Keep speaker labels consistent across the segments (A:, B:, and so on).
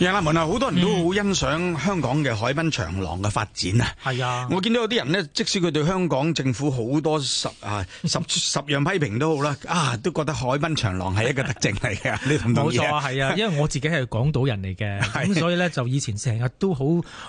A: 嘅啊，好多人都好欣賞香港嘅海濱長廊嘅發展啊！係啊，我見到有啲人呢即使佢對香港政府好多十啊十十樣批評都好啦，啊都覺得海濱長廊係一個特徵嚟嘅， 你同唔同意啊？冇錯啊，係啊，
B: 因為我自己係港島人嚟嘅，咁、啊、所以呢，就以前成日都好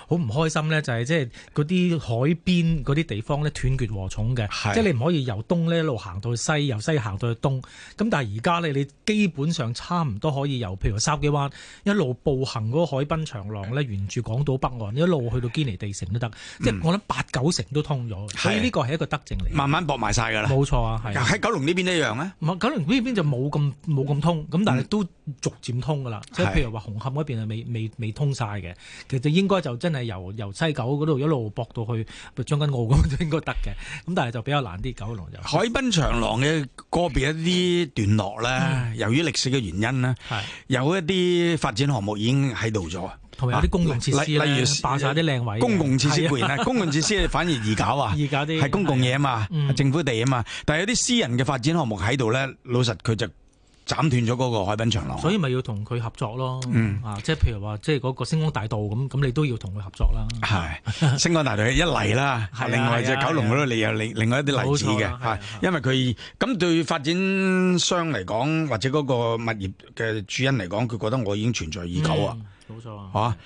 B: 好唔開心呢，就係即係嗰啲海邊嗰啲地方呢斷絕和重嘅，即係、啊就是、你唔可以由東呢一路行到去西，由西行到去東。咁但係而家呢你基本上差唔多可以由譬如筲箕灣一路步行。嗰個海濱長廊咧，沿住港島北岸一路去到堅尼地城都得，即、嗯、係我諗八九成都通咗，所以呢個係一個德
A: 政嚟。慢慢駁埋晒㗎啦，冇錯啊，係。喺九龍呢邊一樣咧，
B: 唔係，九龍呢邊就冇咁冇咁通，咁但係都逐漸通㗎啦。即係譬如話紅磡嗰邊係未未未通晒嘅，其實應該就真係由由西九嗰度一路駁到去將軍澳咁，應該得嘅。咁但係就比較難啲，九龍就。
A: 海濱長廊嘅個別一啲段落咧，由於歷史嘅原因咧，有一啲發展項目已經喺度咗，同埋有啲公共設施，例如辦晒啲靚位。公共設施固然係、啊、公共設施反而易搞啊， 易搞啲係公共嘢啊嘛，嗯，政府地啊嘛。但係有啲私人嘅發展項目喺度咧，老實佢就。斬斷咗嗰個海濱長廊，所
B: 以咪要同佢合作咯。嗯啊，即係譬如話，即係嗰個星光大道咁，咁你都要同佢合作啦。
A: 係星光大道一例啦， 另外就、啊啊、九龍嗰度你有另另外一啲例子嘅，啊啊啊。因為佢咁對發展商嚟講，或者嗰個物業嘅主人嚟講，佢覺得我已經存在已久、嗯、啊。冇錯啊，吓。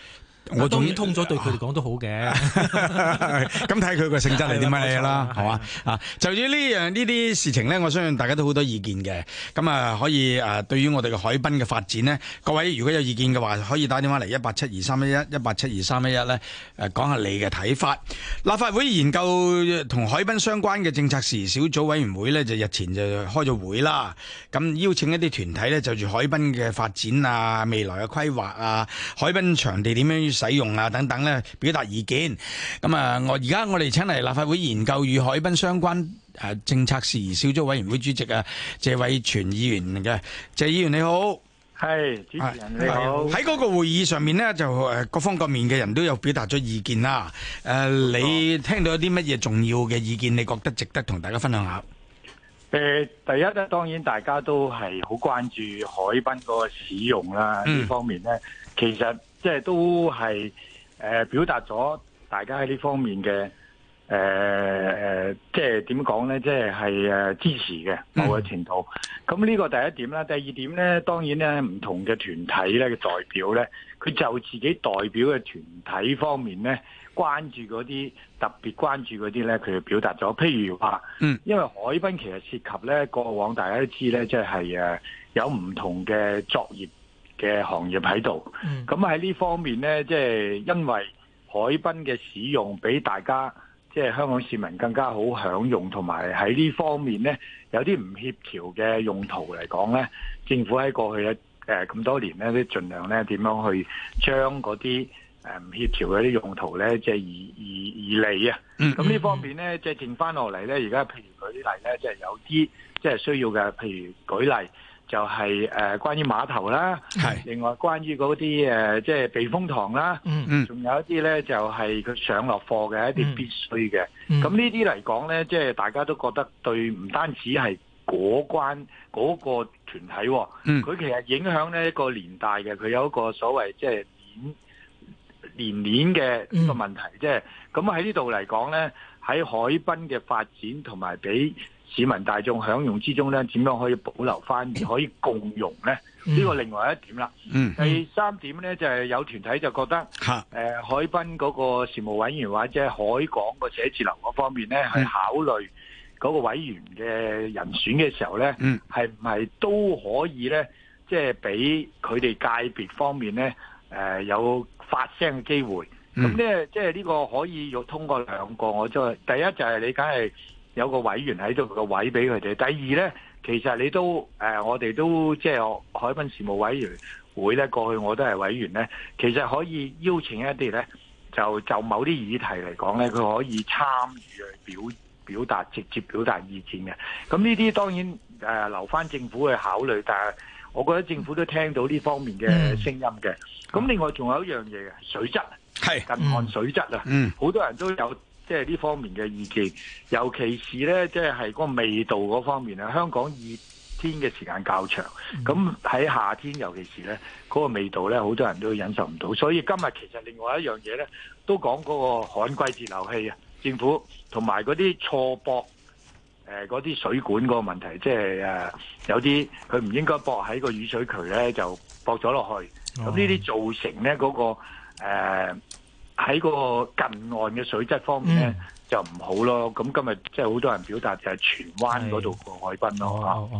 A: 我當然通
B: 咗、 啊，對佢哋講都好嘅。
A: 咁睇佢個性質係點樣嘢啦，係嘛？啊，就依呢樣呢啲事情呢，我相信大家都好多意見嘅。咁啊，可以誒、啊，對於我哋嘅海濱嘅發展呢，各位如果有意見嘅話，可以打電話嚟一八七二三一一一八七二三一一咧，誒講下你嘅睇法。立法會研究同海濱相關嘅政策事宜小組委員會呢，就日前就開咗會啦。咁邀請一啲團體呢，就住海濱嘅發展啊、未來嘅規劃啊、海濱場地點樣使用啊等等咧，表達意見。咁啊，我而家我哋請嚟立法會研究與海濱相關誒政策事宜小組委員會主席啊，謝偉銓議員嘅。謝議員你好。係，主持人你好。喺嗰個會議上面咧，就誒各方各面嘅人都有表達咗意見啦。誒，你聽到有啲乜嘢重要嘅意見，你覺得值得同大家分享一下？
C: 誒、嗯，第一咧，當然大家都係好關注海濱嗰個使用啦。呢方面咧，其實。即係都係誒表達咗大家喺呢方面嘅誒誒，即係點講咧？即係係誒支持嘅某個程度。咁呢個第一點啦，第二點咧，當然咧唔同嘅團體咧嘅代表咧，佢就自己代表嘅團體方面咧，關注嗰啲特別關注嗰啲咧，佢就表達咗。譬如話，嗯，因為海濱其實涉及咧過往，大家都知咧，即係誒有唔同嘅作業。嘅行業喺度，咁喺呢方面呢，即係因為海濱嘅使用畀大家即係香港市民更加好享用，同埋喺呢方面呢，有啲唔協調嘅用途嚟講呢，政府喺過去一咁多年呢，都盡量呢點樣去將嗰啲唔協調嘅啲用途呢，即係而而而離啊。咁呢方面呢，即係剩翻落嚟呢，而家譬如舉例呢，即係有啲即係需要嘅，譬如舉例。就係誒，關於碼頭啦，係另外關於嗰啲誒，即係避風塘啦，嗯，仲有一啲咧，就係、是、佢上落貨嘅一啲必須嘅。咁、嗯、呢啲嚟講咧，即、就、係、是、大家都覺得對，唔單止係嗰關嗰、嗰個團體、喎，嗯，佢其實影響呢一個年代嘅，佢有一個所謂即係年年，年年年嘅個問題，即係咁喺呢度嚟講咧，喺海濱嘅發展同埋俾。市民大眾享用之中咧，點樣可以保留返而可以共融咧？呢、嗯、個另外一點啦、嗯。第三點咧，就係、是、有團體就覺得，誒、啊呃、海濱嗰個事務委員或者海港個寫字樓嗰方面咧，去、嗯、考慮嗰個委員嘅人選嘅時候咧，係唔係都可以咧，即係俾佢哋界別方面咧，誒、呃、有發聲嘅機會？咁、嗯、咧，即係呢、就是、個可以要通過兩個。我再第一就係你，梗係。有個委員喺度個位俾佢哋。第二呢，其實你都誒、呃，我哋都即係海濱事務委員會呢。過去我都係委員呢，其實可以邀請一啲呢，就就某啲議題嚟講呢，佢可以參與去表表達、直接表達意見嘅。咁呢啲當然誒、呃，留翻政府去考慮。但係我覺得政府都聽到呢方面嘅聲音嘅。咁另外仲有一樣嘢嘅水質，近岸水質啊，好、嗯、多人都有。即係呢方面嘅意見，尤其是呢，即係嗰個味道嗰方面啊。香港熱天嘅時間較長，咁、嗯、喺夏天，尤其是呢，嗰、那個味道呢，好多人都忍受唔到。所以今日其實另外一樣嘢呢，都講嗰個旱季節流器。啊。政府同埋嗰啲錯駁，嗰啲、呃、水管嗰個問題，即係誒有啲佢唔應該駁喺個雨水渠呢，就駁咗落去。咁呢啲造成呢嗰、那個、呃喺個近岸嘅水質方面咧，嗯，就唔好咯。咁今日即係好多人表達就係荃灣嗰度個海濱咯。
B: 吓，係、哦哦哦、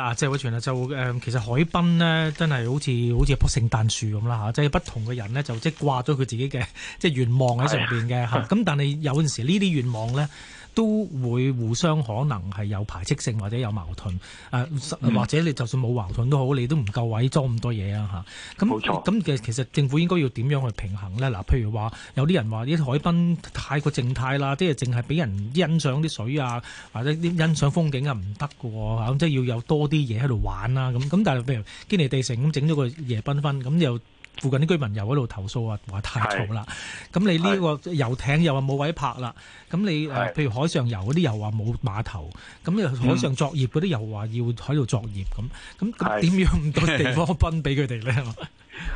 B: 啊，即係謝偉銓啊，就誒、呃，其實海濱咧，真係好似好似一棵聖誕樹咁啦。吓，啊就是，即係不同嘅人咧，就即係掛咗佢自己嘅即係願望喺上邊嘅吓。咁、啊啊、但係有陣時候呢啲願望咧。都會互相可能係有排斥性或者有矛盾，誒、呃嗯、或者你就算冇矛盾都好，你都唔夠位裝咁多嘢啊嚇。咁咁其實其實政府應該要點樣去平衡咧？嗱，譬如話有啲人話啲海濱太過靜態啦，即係淨係俾人欣賞啲水啊，或者啲欣賞風景啊唔得嘅喎，咁即係要有多啲嘢喺度玩啦、啊、咁。咁但係譬如堅尼地城咁整咗個夜繽紛咁又。附近啲居民又喺度投訴啊，話太嘈啦，咁你呢個遊艇又話冇位泊啦，咁你誒譬如海上遊嗰啲又話冇碼頭，咁又海上作業嗰啲又話要喺度作業咁，咁點、嗯、樣咁多地方分俾佢哋咧？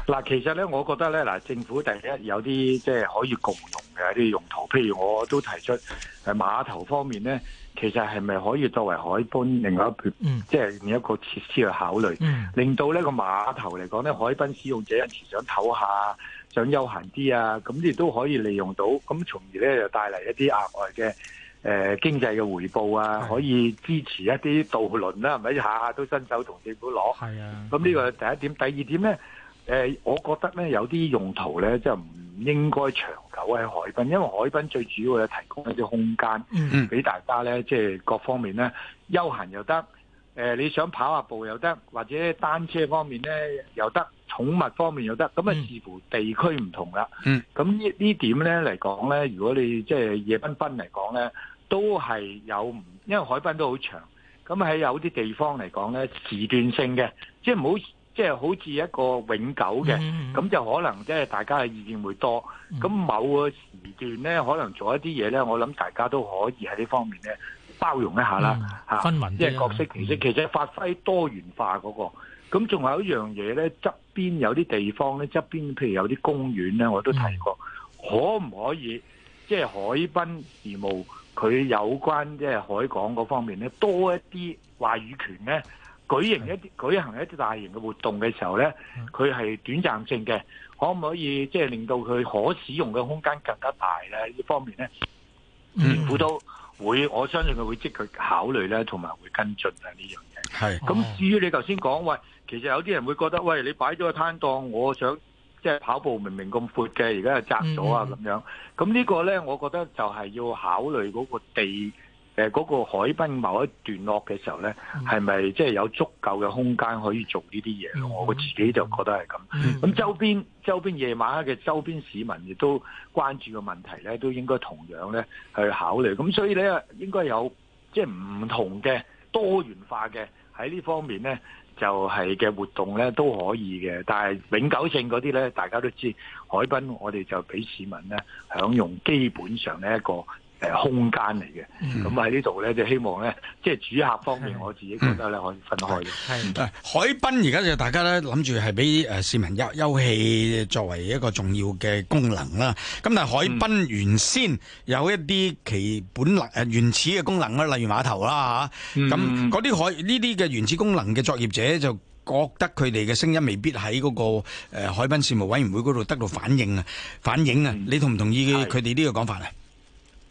C: 嗱， 其實咧，我覺得咧，嗱，政府第一有啲即係可以共用嘅一啲用途，譬如我都提出誒碼頭方面咧。其實係咪可以作為海濱另外一撇、嗯嗯，即係另一個設施去考慮，嗯、令到呢個碼頭嚟講，呢海濱使用者有時想唞下，想休閒啲啊，咁亦都可以利用到，咁從而呢，又帶嚟一啲額外嘅誒、呃、經濟嘅回報啊，可以支持一啲渡輪啦，係咪下下都伸手同政府攞？係啊，咁呢個係第一點，第二點呢，誒、呃，我覺得呢，有啲用途呢，咧就唔、是。應該長久喺海濱，因為海濱最主要咧提供一啲空間，俾大家咧即係各方面咧休閒又得，誒、呃、你想跑下步又得，或者單車方面咧又得，寵物方面又得，咁啊視乎地區唔同啦。咁、嗯、呢呢點咧嚟講咧，如果你即係夜繽紛嚟講咧，都係有，唔？因為海濱都好長，咁喺有啲地方嚟講咧時段性嘅，即係唔好。即係好似一個永久嘅，咁、嗯嗯、就可能即係大家嘅意見會多。咁、嗯、某個時段咧，可能做一啲嘢咧，我諗大家都可以喺呢方面咧包容一下啦，嚇、嗯啊，即係角色其實、嗯。其實發揮多元化嗰、那個。咁仲有一樣嘢咧，側邊有啲地方咧，側邊譬如有啲公園咧，我都提過，嗯、可唔可以即係海濱事務佢有關即係海港嗰方面咧多一啲話語權咧？舉行一啲舉行一啲大型嘅活動嘅時候呢，佢係短暫性嘅，可唔可以即係令到佢可使用嘅空間更加大呢？呢方面呢、嗯，
D: 政
C: 府都會我相信佢會積極考慮呢，同埋會跟進啊呢樣
D: 嘢。係咁，至
C: 於你頭先講喂，其實有啲人會覺得喂，你擺咗個攤檔，我想即係跑步明明咁闊嘅，而家又窄咗啊咁、嗯、樣。咁呢個呢，我覺得就係要考慮嗰個地。誒、那、嗰個海濱某一段落嘅時候咧，係咪即係有足夠嘅空間可以做呢啲嘢？我自己就覺得係咁。咁周邊周邊夜晚黑嘅周邊市民亦都關注嘅問題咧，都應該同樣咧去考慮。咁所以咧，應該有即係唔同嘅多元化嘅喺呢方面咧，就係、是、嘅活動咧都可以嘅。但係永久性嗰啲咧，大家都知海濱我哋就俾市民咧享用，基本上呢一個。誒，
B: 空
A: 間嚟嘅，咁喺呢度咧就希望咧，即、就、係、是、主客方面，我自己覺得咧可以分開嘅。係，海濱而家就大家咧諗住係俾誒市民休休憩作為一個重要嘅功能啦。咁、嗯、但係海濱原先有一啲其本嚟誒、呃、原始嘅功能啦，例如碼頭啦、啊、嚇。咁嗰啲海呢啲嘅原始功能嘅作業者就覺得佢哋嘅聲音未必喺嗰、那個、呃、海濱事務委員會嗰度得到反應，反應啊，反映啊。你同唔同意佢哋呢個講法啊？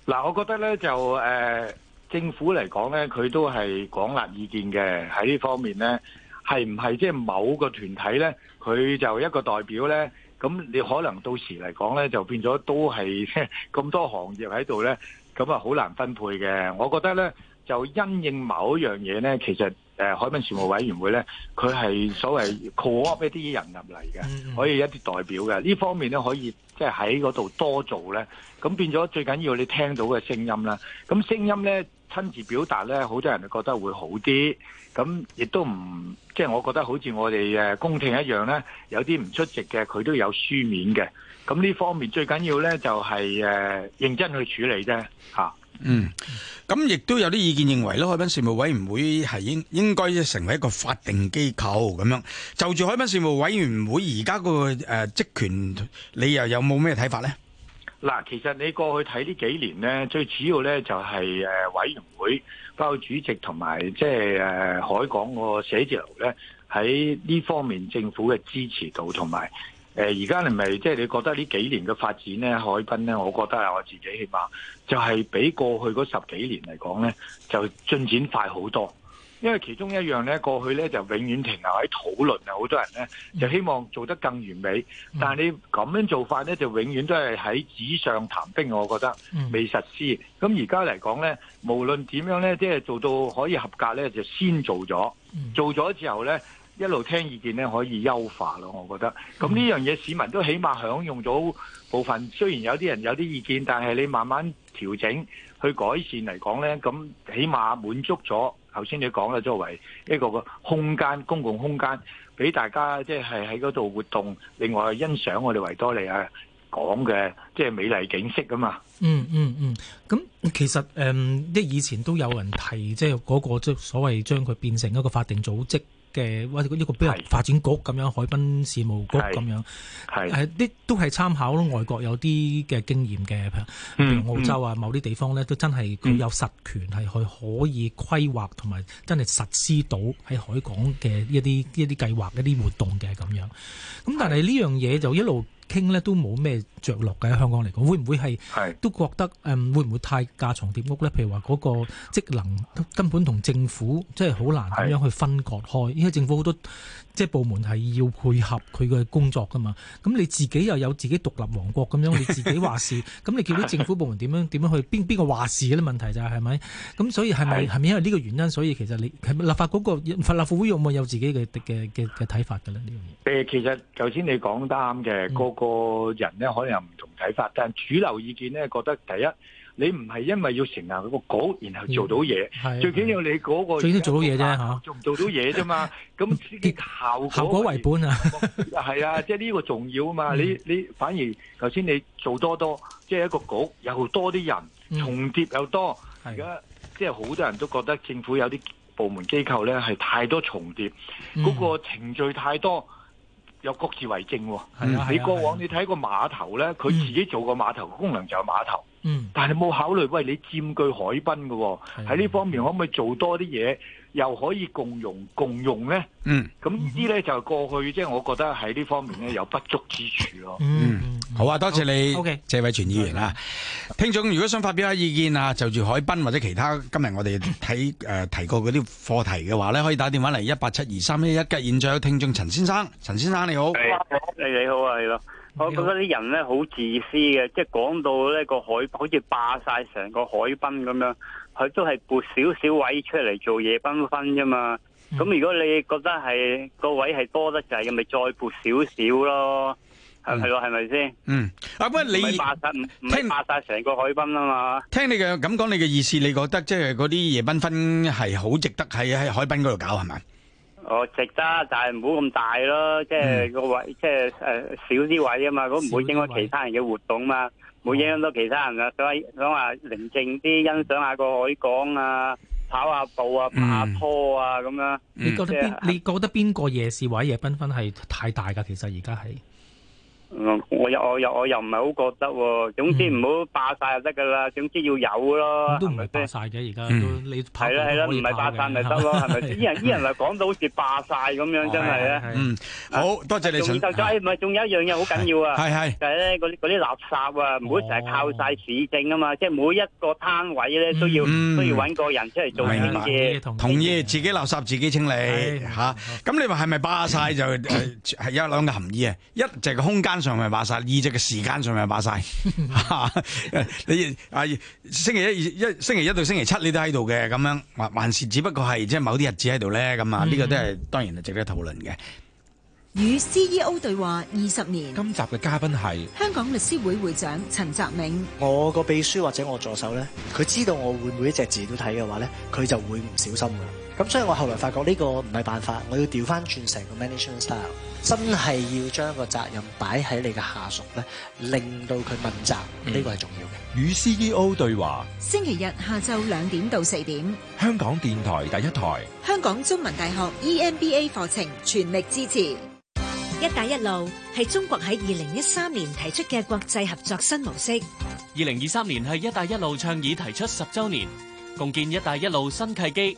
C: 嗱，我覺得咧就誒，政府嚟講咧，佢都係廣納意見嘅，喺呢方面咧，係唔係即係某個團體咧，佢就一個代表咧，咁你可能到時嚟講咧，就變咗都係咁多行業喺度咧，咁啊好難分配嘅，我覺得咧。就因應某一樣嘢咧，其實海濱事務委員會咧，佢係所謂 co-opt 一啲人入嚟嘅，可以一啲代表嘅，呢方面咧可以即係喺嗰度多做咧。咁變咗最緊要你聽到嘅聲音啦。咁聲音咧親自表達咧，好多人覺得會好啲。咁亦都唔即係我覺得好似我哋誒公聽一樣咧，有啲唔出席嘅佢都有書面嘅。咁呢方面最緊要咧就係、係、誒認真去處理啫
A: 嚇。嗯，咁亦都有啲意見認為咧，海濱事務委員會係應應該成為一個法定機構咁樣。就住海濱事務委員會而家個誒職權，你又有冇咩睇法呢？
C: 嗱，其實你過去睇呢幾年呢，最主要呢就係誒委員會，包括主席同埋即係誒海港個寫字樓呢，喺呢方面政府嘅支持度同埋。誒而家你咪即係你覺得呢幾年嘅發展咧，海濱咧，我覺得啊，我自己起碼就係比過去嗰十幾年嚟講咧，就進展快好多。因為其中一樣咧，過去咧就永遠停留喺討論啊，好多人咧就希望做得更完美，但係你咁樣做法咧，就永遠都係喺紙上談兵。我覺得未實施。咁而家嚟講咧，無論點樣咧，即係做到可以合格咧，就先做咗，做咗之後咧。一路聽意見咧，可以優化咯。我覺得咁呢樣嘢，市民都起碼享用咗部分。雖然有啲人有啲意見，但係你慢慢調整去改善嚟講咧，咁起碼滿足咗頭先你講嘅。作為一個空間，公共空間俾大家即係喺嗰度活動，另外欣賞我哋維多利亞港嘅即係美麗景色噶嘛。嗯
D: 嗯
B: 嗯，咁、嗯、其實誒，即、嗯、以前都有人提，即係嗰、嗰個即所謂將佢變成一個法定組織。嘅一個比如發展局咁樣，海濱事務局咁樣，係啲都係參考外國有啲嘅經驗嘅，譬如澳洲啊，嗯、某啲地方咧都真係佢有實權係去可以規劃同埋真係實施到喺海港嘅一啲一啲計劃一啲活動嘅咁樣。咁但係呢樣嘢就一路。傾咧都冇咩着落嘅，喺香港嚟講，會唔會係都覺得誒、嗯、會唔會太架床疊屋呢？譬如話嗰個職能根本同政府即係好難咁樣去分割開。因為政府好多。即係部門係要配合佢嘅工作㗎嘛，咁你自己又有自己獨立王國咁樣，你自己話事，咁你叫啲政府部門點樣點樣去？邊邊個話事咧？問題就係係咪？咁所以係咪係咪因為呢個原因？所以其實你係咪立法嗰、嗰個法立法會有冇有，有自己嘅嘅嘅嘅睇法㗎咧？呢樣
C: 嘢誒，其實頭先你講啱嘅，個個人咧可能有唔同睇法，但係主流意見咧覺得第一。你唔係因為要成立個局，然後做到嘢、嗯。最緊要你嗰個，最緊要做到嘢啫嚇，做唔做到嘢啫嘛？咁結效效果為本啊， 係啊，即係呢個重要啊嘛。嗯、你你反而頭先你做多多，即、就、係、是、一個局又多啲人重疊又多。而家即係好多人都覺得政府有啲部門機構咧係太多重疊，嗰、嗯嗰個程序太多。有各自為政係、哦、啊。喺、嗯、過往你睇個碼頭咧，佢、嗯、自己做個碼頭功能就係碼頭。
D: 嗯，但係冇
C: 考慮喂，你佔據海濱嘅喎，喺、嗯、呢方面可唔可以做多啲嘢？又可以共用，共用咧。嗯。咁呢啲咧就過去，即係我覺得喺呢方面咧有不
A: 足之處咯。嗯。好啊，多謝你，謝偉銓議員啊。聽眾如果想發表下意見啊，就住海濱或者其他今日我哋睇誒提過嗰啲課題嘅話咧，可以打電話嚟一八七二三一一嘅。現在有聽眾陳先生，陳先生你好。
D: 係。你
E: 好，你好啊，係咯。我覺得啲人咧好自私嘅，即係講到呢個海，好似霸曬成個海濱咁樣。佢都係撥少少位出嚟做夜繽紛啫嘛，咁如果你覺得係，個位係多得滯，你咪再撥少少咯，係係咯，係咪先？
D: 嗯，
E: 啊，你不過你唔係霸晒，唔係霸晒成個海濱啊嘛？
A: 聽你嘅咁講，你嘅意思你覺得即係嗰啲夜繽紛係好值得喺喺海濱嗰度搞係咪？
E: 哦，值得，但係唔好咁大咯，即係個位，嗯，即係誒，呃、少啲位啊嘛，咁唔會影響其他人嘅活動嘛。冇影響到其他人啊！想話想話寧靜啲，欣賞下個海港啊，跑下步啊，拍下拖啊咁樣、嗯、即係你。你覺得邊？
B: 你覺得邊個夜市或者夜繽紛係太大㗎？其實而家係。
E: 嗯，我又我又我又唔係好覺得喎。總之唔好霸曬就得噶啦。總之要有咯，都唔係霸曬嘅而家都。係啦係啦，唔係霸曬咪得咯，係咪？啲人啲人話講到好似霸曬咁樣，真係啊。嗯，好多謝你。仲有再唔係，仲有一樣嘢好緊要啊。係係，就係咧嗰啲嗰啲垃圾啊，唔好成日靠曬市政啊嘛。即係每一個攤位咧都要都要揾個人出嚟做嘢。
A: 同意自己垃圾自己清理嚇。咁你話係咪霸曬就係有兩個含義啊？一就係個空間。上咪把晒，意只嘅時間上咪把晒。 你啊，星期一、一星期一到星期七，你都喺度嘅？咁樣，還是只不過係即係某啲日子喺度咧，咁、嗯、啊、呢、這個都係當然係值得討論嘅。
B: 與 CEO 對話二十年，今
A: 集嘅嘉賓係
B: 香港律師會會、會長陳澤明。
A: 我個秘書或者我
B: 助手咧，佢知道我會每一隻字都睇嘅話咧，佢就會唔小心噶。咁所以，我後來發覺呢個唔係辦法，我要調返轉成個 management style，真係要將個責任擺喺你嘅下屬咧，令到佢問責，呢個係重要嘅。與 CEO 對話，星期日下晝兩點到四點，
F: 香港電台第一台，
B: 香港中文大學 EMBA 課程全力支持。一帶一路係中國喺二零一三年提出嘅國際合作新模式。二零二三年係一帶一路倡議提出十週年，共建一帶一路新契機。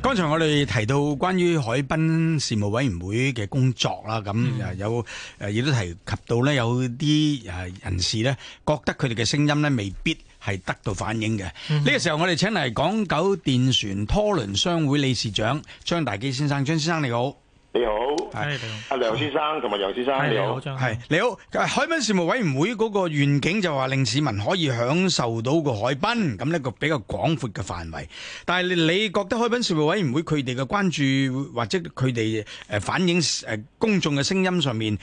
A: 剛才我哋提到關於海濱事務委員會嘅工作啦，咁誒有誒亦都提及到咧，有啲誒人士咧覺得佢哋嘅聲音咧未必係得到反映嘅。呢、嗯這個時候我哋請嚟港九電船拖輪商會理事長張大基先生，張先生你好。
G: 你好，係你好，阿梁先生同埋楊先
A: 生，你好，係你好。海濱事務委員會嗰個願景就話令市民可以享受到個海濱，咁一個比較廣闊嘅範圍。但係你你覺得海濱事務委員會佢哋嘅關注或者佢哋誒反映誒公眾嘅聲音上面，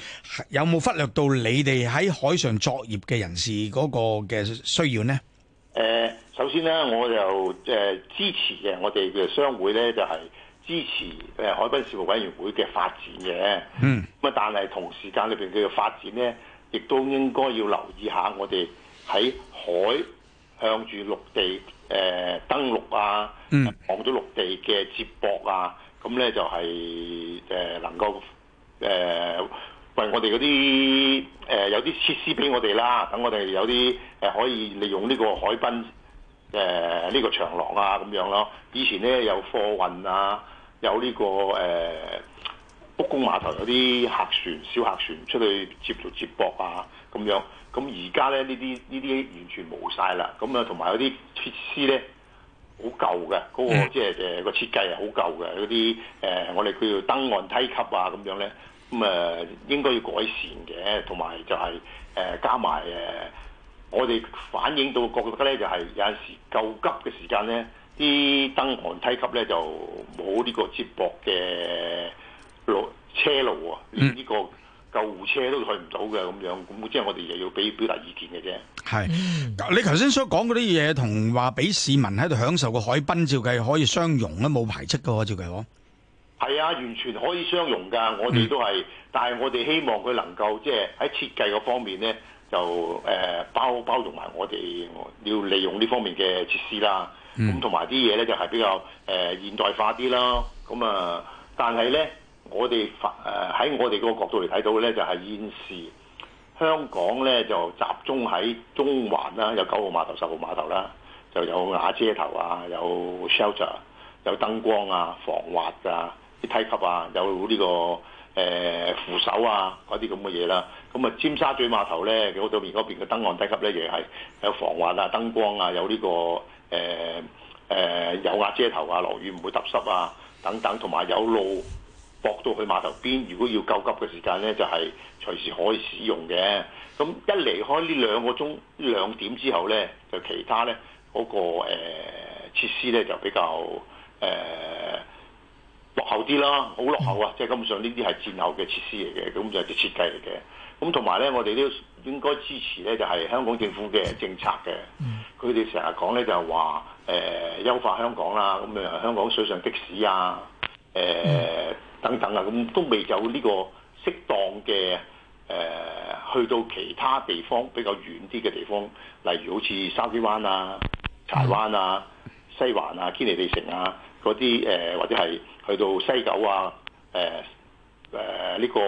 A: 有冇忽略到你哋喺海上作業嘅人士嗰個嘅需要呢？誒，
G: 首先呢，我就誒支持嘅，我哋嘅商會咧就係。支持誒海濱事務委員會嘅發展嘅，嗯，
D: 咁
G: 啊，但係同時間裏邊佢嘅發展咧，亦都應該要留意一下我哋喺海向住陸地誒、呃、登陸啊，望、mm. 咗陸地嘅接駁啊，咁咧就係、是、誒、呃、能夠誒、呃、為我哋嗰啲誒有啲設施俾我哋啦，等我哋有啲誒、呃、可以利用呢個海濱誒呢、呃呢個長廊啊咁樣咯。以前咧有貨運啊。有呢、這個誒卜、呃、公碼頭有啲客船、小客船出去接駁接駁啊，咁樣，咁而家咧呢啲呢啲完全冇晒啦，咁啊同埋有啲設施咧好舊嘅，嗰、那個即係誒個設計係好舊嘅，嗰啲誒我哋叫做登岸梯級啊咁樣咧，咁、嗯、誒、呃、應該要改善嘅，同埋就係、是、誒、呃、加埋誒、呃，我哋反映到的覺得咧就係、是、有陣時候救急嘅時間咧。啲登岸梯級咧就冇呢個接駁嘅路車路啊，連呢個救護車都去唔到嘅咁樣，咁即係我哋又要俾表達意見嘅啫。
A: 係你頭先所講嗰啲嘢，同話俾市民喺度享受個海濱照計可以相容啦，冇排斥嘅喎，照計喎。
G: 係啊，完全可以相容噶。我哋都係、嗯，但係我哋希望佢能夠即係喺設計嗰方面咧，就誒、呃、包包容埋我哋要利用呢方面嘅設施啦。咁同埋啲嘢咧就係、是、比較誒、呃、現代化啲啦，咁啊，但係咧我哋發誒喺我哋個角度嚟睇到咧就係現時香港咧就集中喺中環啦，有九號碼頭、十號碼頭啦，就有瓦遮頭啊，有 shelter，有燈光啊、防滑啊、啲梯級啊，有呢、這個誒、呃、扶手啊嗰啲咁嘅嘢啦。咁啊尖沙咀碼頭咧，佢對面嗰邊嘅登岸梯級咧亦係有防滑啊、燈光啊、有呢、這個。誒誒有瓦遮頭啊，落雨唔會揼濕啊，等等，同埋有，有路駁到去碼頭邊。如果要救急嘅時間呢，就係、是、隨時可以使用嘅。咁一離開呢兩個鐘兩點之後呢，就其他呢嗰、那個誒、呃、設施呢，就比較誒、呃落後啲啦，好落後啊！即係根本上呢啲係戰後嘅設施嚟嘅，咁就係啲設計嚟嘅。咁同埋咧，我哋都應該支持咧，就係香港政府嘅政策嘅。佢哋成日講咧就係話，誒、呃、優化香港啦、啊，咁啊香港水上的士啊，誒、呃、等等啊，咁都未有呢個適當嘅誒、呃、去到其他地方比較遠啲嘅地方，例如好似筲箕灣啊、柴灣啊、西環啊、堅尼地城啊。嗰啲誒或者係去到西九啊，誒誒呢個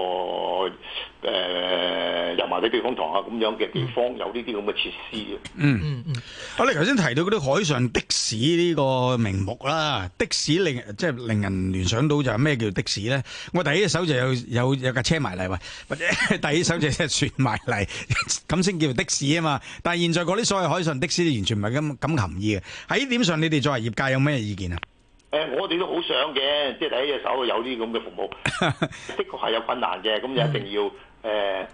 G: 誒油麻地避風塘啊咁樣嘅地方有呢啲咁嘅設
D: 施嘅。
A: 嗯嗯嗯，我哋頭先提到嗰啲海上的士呢個名目啦，的士令即係令人聯想到就係咩叫的士咧？我第一手就有有有架車埋嚟，或者第一手就係船埋嚟，咁先叫的士啊嘛。但係現在嗰啲所謂海上的士，完全唔係咁咁含義嘅。喺呢點上，你哋作為業界有咩意見啊？
G: 誒、呃，我哋都好想嘅，即係第一隻手有啲咁嘅服務，的確係有困難嘅，咁就一定要誒誒、呃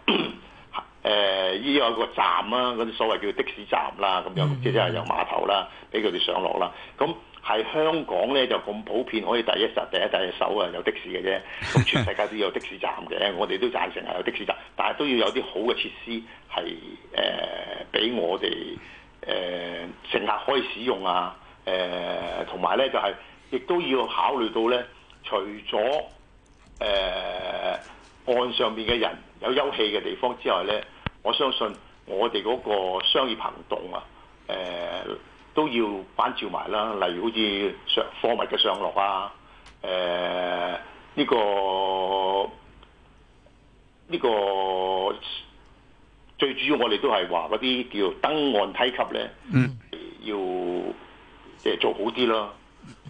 G: 呃，要有個站啦，嗰啲所謂叫的士站啦，咁樣即係有碼頭啦，俾佢哋上落啦。咁喺香港咧就咁普遍，可以第一隻第一隻手啊有的士嘅啫。咁全世界都有的士站嘅，我哋都贊成係有的士站，但係都要有啲好嘅設施係誒俾我哋誒、呃、乘客可以使用啊。同埋咧就係、是。亦都要考慮到咧，除咗誒岸上面嘅人有休憩嘅地方之外咧，我相信我哋嗰個商業行動啊，誒、呃、都要關照埋啦。例如好似上貨物嘅上落啊，誒、呃、呢、這個呢、這個最主要我哋都係話嗰啲叫登岸梯級咧，mm. 要即係、就是、做好啲咯。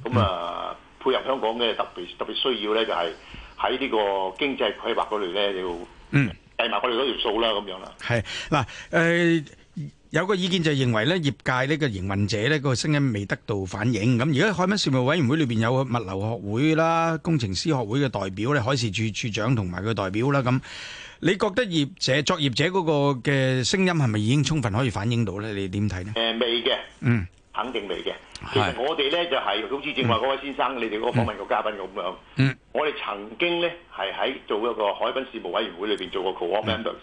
G: 咁啊，配合香港嘅特別特別需要咧，就係喺呢個經濟規劃嗰度咧，要計埋我哋嗰條數啦，咁樣啦。
A: 係嗱，誒有個意見就係認為咧，業界呢個營運者呢個聲音未得到反映。咁而家海濱事務委員會裏邊有物流學會啦、工程師學會嘅代表咧、海事處處長同埋佢代表啦。咁你覺得業者、作業者嗰個嘅聲音係咪已經充分可以反映到咧？你點睇咧？
G: 誒，未嘅。嗯。肯定嚟嘅，其實我哋咧就係，好似正話嗰位先生，嗯、你哋嗰個訪問個嘉賓咁
A: 樣。
G: 嗯，我哋曾經咧係喺做一個海濱事務委員會裏邊做過 coordinator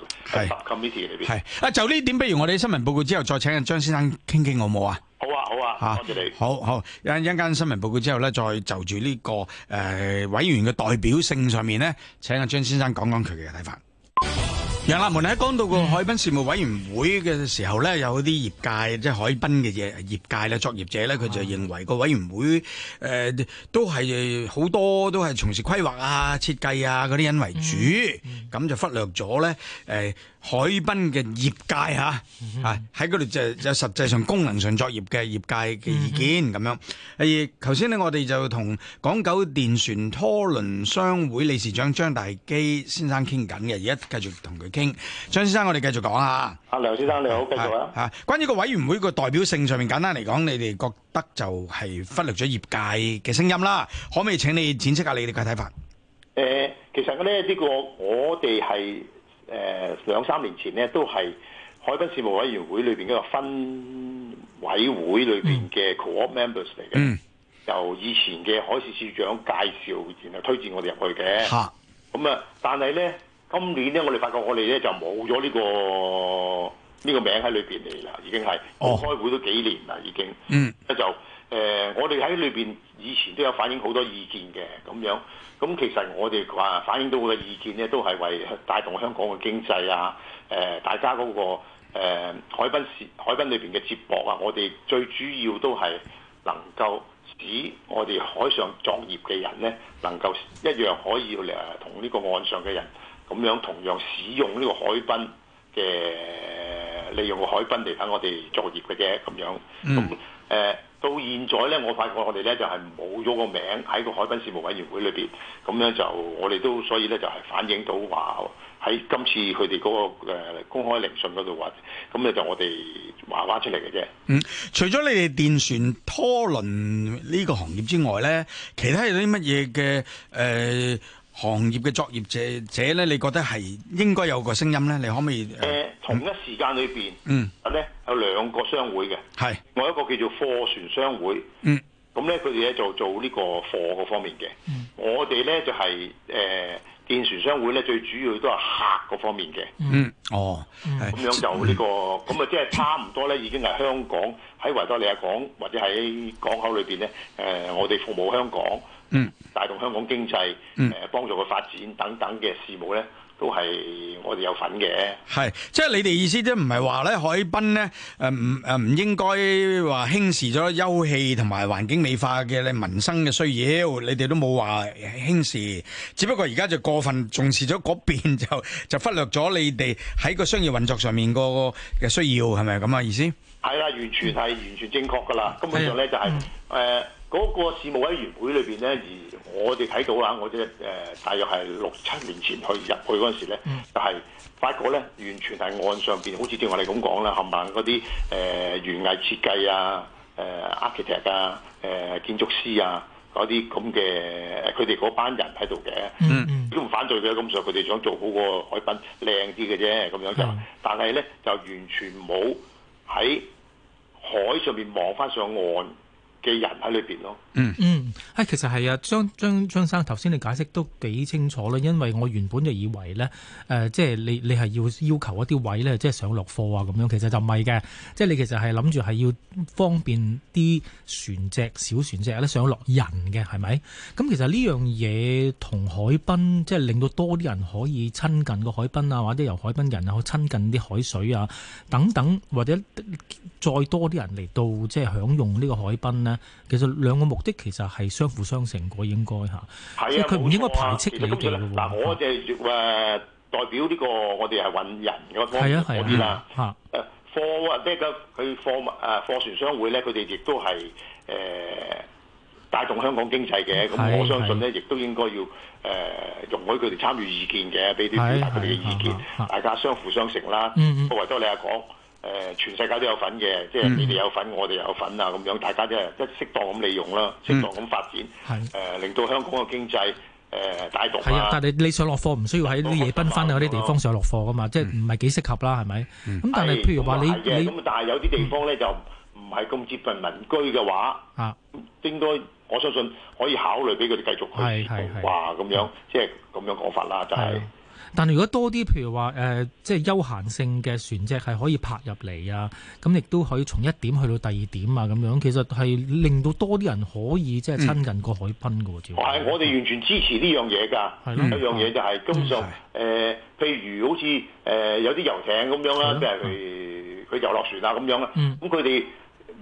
G: committee 裏
A: 邊。係啊，就呢點，不如我哋新聞報告之後，再請阿張先生傾傾好唔好啊？
D: 好啊，好啊，多謝，謝你。
A: 好好，一一陣間新聞報告之後咧，再就住呢、這個誒、呃、委員嘅代表性上面咧，請阿張先生講講佢嘅睇法。楊立門喺講到個海濱事務委員會嘅時候咧，有啲業界即係海濱嘅嘢業界咧，作業者咧，佢就認為個委員會誒、呃、都係好多都係從事規劃啊、設計啊嗰啲人為主，咁、嗯嗯、就忽略咗咧誒海濱嘅業界吓啊喺嗰度就有實際上功能上作業嘅業界嘅意見咁樣誒頭先咧，我哋就同港九電船拖輪商會理事長張大基先生傾緊嘅，而家繼續同佢傾。張先生，我哋繼續講啊！阿梁先生，你好，繼續啊！啊，關於個委員會個代表性上面，簡單嚟講，你哋覺得就係忽略咗業界嘅聲音啦，可唔可以請你展釋下你哋嘅睇法？
G: 誒，其實咧呢、這個我哋係誒兩三年前呢，都係海濱事務委員會裏邊嗰個分委會裏邊嘅 co-op、嗯、members 嚟嘅，嗯，由以前嘅海事處長介紹然後推薦我哋入去嘅，
D: 咁
G: 啊、嗯，但係咧。今年咧，我哋發覺我哋咧就冇咗呢個呢、呢個名喺裏邊嚟啦，已經係我開會都幾年啦，已經，已經嗯，一就誒、呃，我哋喺裏邊以前都有反映好多意見嘅咁樣。咁其實我哋話反映到嘅意見咧，都係為帶動香港嘅經濟啊。誒、呃，大家嗰、嗰個、呃、海濱市海濱裏邊嘅接駁啊，我哋最主要都係能夠使我哋海上作業嘅人咧，能夠一樣可以嚟同呢個岸上嘅人。咁樣同樣使用呢個海濱嘅利用個海濱嚟等我哋作業嘅啫，咁樣咁誒，到現在咧，我發覺我哋咧就係冇咗個名喺個海濱事務委員會裏邊，咁樣就我哋都所以咧就係反映到話喺今次佢哋嗰個公開聆訊嗰度話，咁咧就我哋話翻出嚟嘅啫。嗯，
A: 除咗你哋電船拖輪呢個行業之外咧，其他有啲乜嘢嘅誒？呃行業嘅作業者者咧，你覺得係應該有個聲音咧？你可唔可以？誒、
G: 呃，同一時間裏邊，嗯，咧、啊、有兩個商會嘅，係我一個叫做貨船商會，嗯，咁咧佢哋咧就做呢個貨嗰方面嘅、嗯，我哋咧就係、是、誒。呃電船商會咧，最主要都係客嗰方面嘅。
D: 嗯，哦，咁、嗯、
G: 樣就呢、這個，咁、嗯、啊，即係差唔多咧，已經係香港喺維多利亞港或者喺港口裏邊咧，誒，我哋服務香港，
D: 嗯，
G: 帶動香港經濟，誒、嗯，幫助佢發展等等嘅事務咧。都係我哋有份
A: 嘅。係，即係你哋意思，即係唔係話咧，海濱咧，誒唔誒唔應該話輕視咗休憩同埋環境美化嘅咧民生嘅需要，你哋都冇話輕視，只不過而家就過分重視咗嗰邊就就忽略咗你哋喺個商業運作上面個嘅需要，係咪咁嘅意思？
G: 係啦，完全係，完全正確㗎啦，根本上咧就係、是、誒。嗰、那個事務委員會裏邊咧，而我哋睇到啦，我哋誒、呃、大約係六七年前去入去嗰陣時咧，就係、是、發覺咧，完全係岸上邊，好似正話你咁講啦，冚唪唥嗰啲誒園藝設計啊、誒、呃、architect 啊、誒、呃、建築師啊嗰啲咁嘅，佢哋嗰班人喺度嘅，都、mm、唔 -hmm. 反對嘅咁上，佢哋想做好個海濱靚啲嘅啫，咁樣就，mm -hmm. 但係咧就完全冇喺海上面望翻上岸。嘅
D: 人喺裏邊咯，嗯
B: 嗯，係其實係啊，張張張生頭先你解釋都幾清楚啦，因為我原本就以為咧，誒、呃、即係你你係要要求一啲位咧，即係上落貨啊咁樣，其實就唔係嘅，即係你其實係諗住係要方便啲船隻、小船隻咧上落人嘅，係咪？咁其實呢樣嘢同海濱即係令到多啲人可以親近個海濱啊，或者由海濱人啊，親近啲海水啊等等，或者再多啲人嚟到即係享用呢個海濱咧。其實兩個目的其實係相輔相成嘅，係啊、佢唔係應該吓，即係佢唔應該排斥呢樣嘢嘅。嗱，
G: 我哋誒代表呢個我是，我哋係搵人嘅方嗰啲啦吓。誒，貨啊，即係個佢貨物誒，貨船商會咧，佢哋亦都係誒帶動香港經濟嘅。咁我相信咧，亦都應該要誒容許佢哋參與意見嘅，俾啲表達佢哋嘅意見，大家相輔相成啦。我維多利亞講。誒、呃、全世界都有份嘅，即係你哋有份，嗯、我哋有份啊，咁樣大家即係一適當咁利用啦，適當咁發展，誒、嗯呃、令到香港嘅經濟誒、呃、帶動。係啊，是但係
B: 你你上落貨唔需要喺啲夜繽紛啊啲地方上落貨噶嘛，即係唔係幾適合啦，係咪？咁但係譬如話你咁啊，
G: 但係有啲地方咧就唔係咁接近民居嘅話啊，應該我相信可以考慮俾佢哋繼續去住嘅話咁樣，即係咁樣講法啦，就係、是。就是
B: 但係如果多啲，譬如話誒、呃，即係休閒性嘅船隻係可以泊入嚟啊，咁亦都可以從一點去到第二點啊，咁樣其實係令到多啲人可以、嗯、即係親近個海濱嘅喎。係，
G: 我哋完全支持呢、嗯、樣嘢㗎、就是。係咯，樣嘢就係咁就誒，譬如好似誒、呃、有啲遊艇咁樣啦，即係佢遊樂船啊咁樣啊，咁佢哋。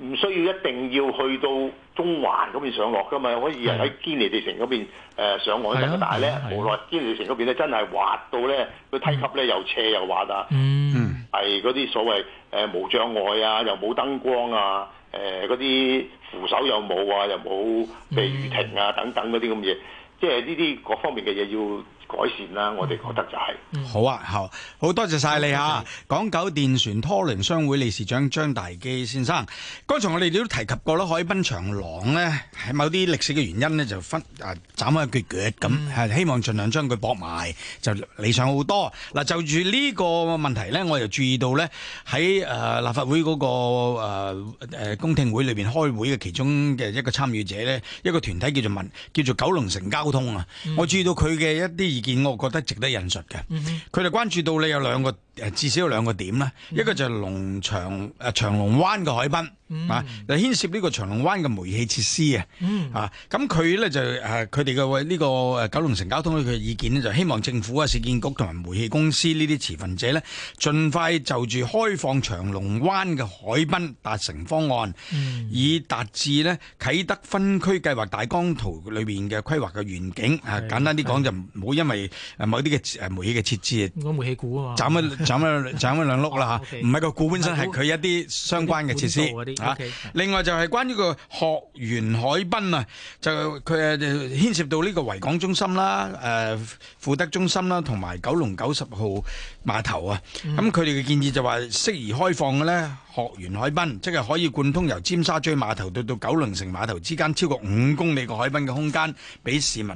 G: 唔需要一定要去到中環嗰邊上落㗎嘛，可以人喺堅尼地城嗰邊、呃、上岸嘅。但係咧，無奈堅尼地城嗰邊咧真係滑到咧，個梯級咧又斜又滑啊。嗯，係嗰啲所謂誒、呃、無障礙啊，又冇燈光啊，誒嗰啲扶手又冇啊，又冇避雨亭啊等等嗰啲咁嘅嘢，即係呢啲各方面嘅嘢要。改
D: 善
A: 啦，我哋覺得就係好啊！好，好多謝曬你啊！港九電船拖輪商會理事長張大基先生，剛才我哋都提及過啦，海濱長廊咧，喺某啲歷史嘅原因咧，就分啊斬開一截截咁，係希望盡量將佢駁埋，就理想好多。嗱，就住呢個問題咧，我又注意到咧喺誒立法會嗰個誒誒公聽會裏邊開會嘅其中嘅一個參與者咧，一個團體叫做問，叫做九龍城交通啊，我注意到佢嘅一啲。意見我覺得值得引述嘅，mm-hmm. 佢哋關注到你有兩個。至少有兩個點啦，一個就係龍長誒長龍灣嘅海濱啊、嗯，牽涉呢個長龍灣嘅煤氣設施、嗯、啊，啊咁佢咧就誒佢哋嘅呢個誒九龍城交通咧嘅意見咧就希望政府啊、市建局同埋煤氣公司呢啲持份者咧，盡快就住開放長龍灣嘅海濱達成方案，嗯、以達至咧啟德分區計劃大綱圖裏邊嘅規劃嘅願景啊。簡單啲講就唔好因為某啲嘅煤氣嘅設置啊，
B: 煤氣股啊嘛，就咁樣，就咁兩碌啦嚇，唔係個古本身，係佢一啲相關嘅設施嚇、okay。
A: 另外就係關於個學園海濱啊，就佢誒牽涉到呢個維港中心啦、誒、呃、富德中心啦，同埋九龍九十號碼頭啊。咁佢哋嘅建議就話適宜開放嘅咧。博源海濱，即係可以貫通由尖沙咀碼頭到到九龍城碼頭之間超過五公里個海濱嘅空間，俾市民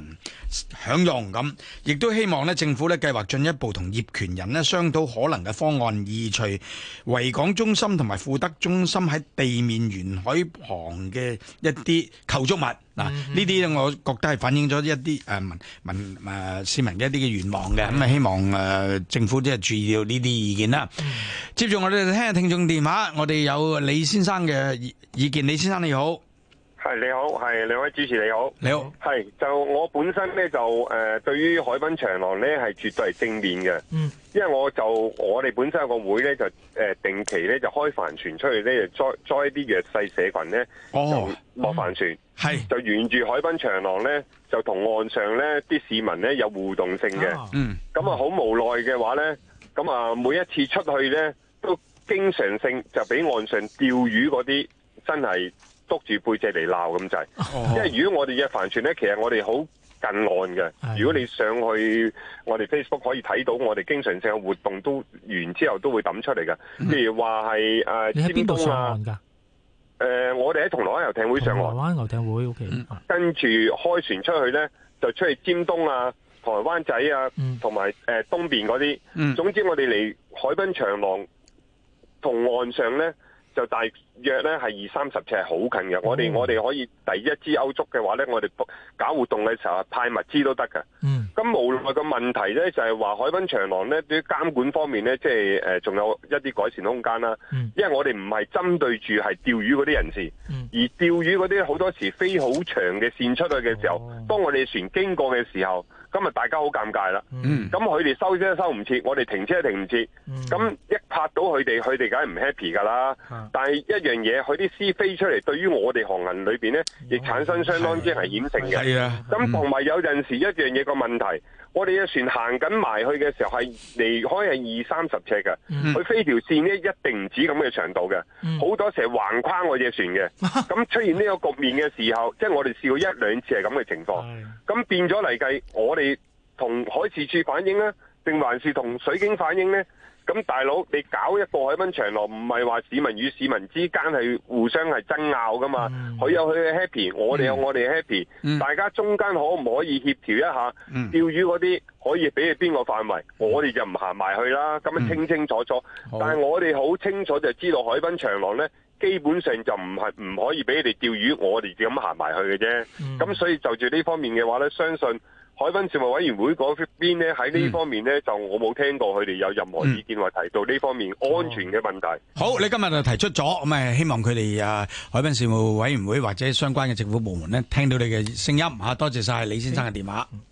A: 享用咁。亦都希望咧，政府咧計劃進一步同業權人咧商討可能嘅方案，移除維港中心同埋富德中心喺地面沿海旁嘅一啲構築物。嗱，呢啲咧，我覺得係反映咗一啲誒民民誒市民一啲嘅願望嘅，咁啊希望誒、呃、政府即係注意到呢啲意見啦。接住我哋聽下聽眾電話，我哋有李先生嘅意見，李先生你好。
F: 係你好，係兩位主持你
A: 好，
D: 你好，
F: 係就我本身咧就誒、呃，對於海濱長廊咧係絕對係正面嘅，嗯，因為我就我哋本身有個會咧就誒、呃、定期咧就開帆船出去咧就載載一啲弱勢社群咧，哦，落帆船係、嗯、就沿住海濱長廊咧就同岸上咧啲市民咧有互動性嘅，嗯、哦，咁啊好無奈嘅話咧，咁啊每一次出去咧都經常性就俾岸上釣魚嗰啲真係。督住背脊嚟鬧咁就係，因為如果我哋嘅帆船咧，其實我哋好近岸嘅。如果你上去我哋 Facebook 可以睇到，我哋經常性嘅活動都完之後都會抌出嚟嘅。嗯。譬如話係誒尖東啊，誒、呃呃、我哋喺銅鑼灣遊艇會上岸，
B: 灣遊艇會屋企、okay, 嗯，
F: 跟住開船出去咧，就出去尖東啊、台灣仔啊，同埋誒東邊嗰啲。總之我哋嚟海濱長廊同岸上咧。就大約咧係二三十尺，係好近嘅。我哋我哋可以第一支歐足嘅話咧，我哋搞活動嘅時候派物資都得㗎。咁、嗯、無論個問題咧就係話海濱長廊咧啲監管方面咧，即係誒仲有一啲改善空間啦、嗯。因為我哋唔係針對住係釣魚嗰啲人士、嗯，而釣魚嗰啲好多時飛好長嘅線出去嘅時候，哦、當我哋船經過嘅時候。今日大家好尷尬啦，咁佢哋收車收唔切，我哋停車停唔切，咁、嗯、一拍到佢哋，佢哋梗係唔 happy 噶啦、啊。但係一樣嘢，佢啲屍飛出嚟，對於我哋航行裏面呢，亦產生相當之係危險性嘅。咁同埋有陣時一樣嘢個問題，我哋隻船行緊埋去嘅時候係離開係二三十尺嘅，佢、嗯、飛條線呢，一定唔止咁嘅長度嘅，好、嗯、多時係橫跨我隻船嘅。咁、啊、出現呢個局面嘅時候，即、啊、係、就是、我哋試過一兩次係咁嘅情況。咁、啊啊啊啊、變咗嚟計，我哋。係同海事處反映呢，定還是同水警反映呢？咁大佬，你搞一個海濱長廊，唔係話市民與市民之間係互相係爭拗噶嘛？佢、嗯、有佢嘅 happy，我哋有我哋 happy，、嗯、大家中間可唔可以協調一下？釣、嗯、魚嗰啲可以俾你邊個範圍、嗯，我哋就唔行埋去啦。咁樣清清楚楚。嗯、但係我哋好清楚就知道，海濱長廊呢，基本上就唔係唔可以俾你哋釣魚，我哋咁行埋去嘅啫。咁、嗯、所以就住呢方面嘅話呢，相信。海濱事務委員會嗰邊咧，喺呢方面咧、嗯、就我冇聽過佢哋有任何意見或提、嗯、到呢方面安全嘅問題、哦。好，
A: 你今日就提出咗，咁啊希望佢哋啊，海濱事務委員會或者相關嘅政府部門咧，聽到你嘅聲音。多謝晒李先生嘅電話。嗯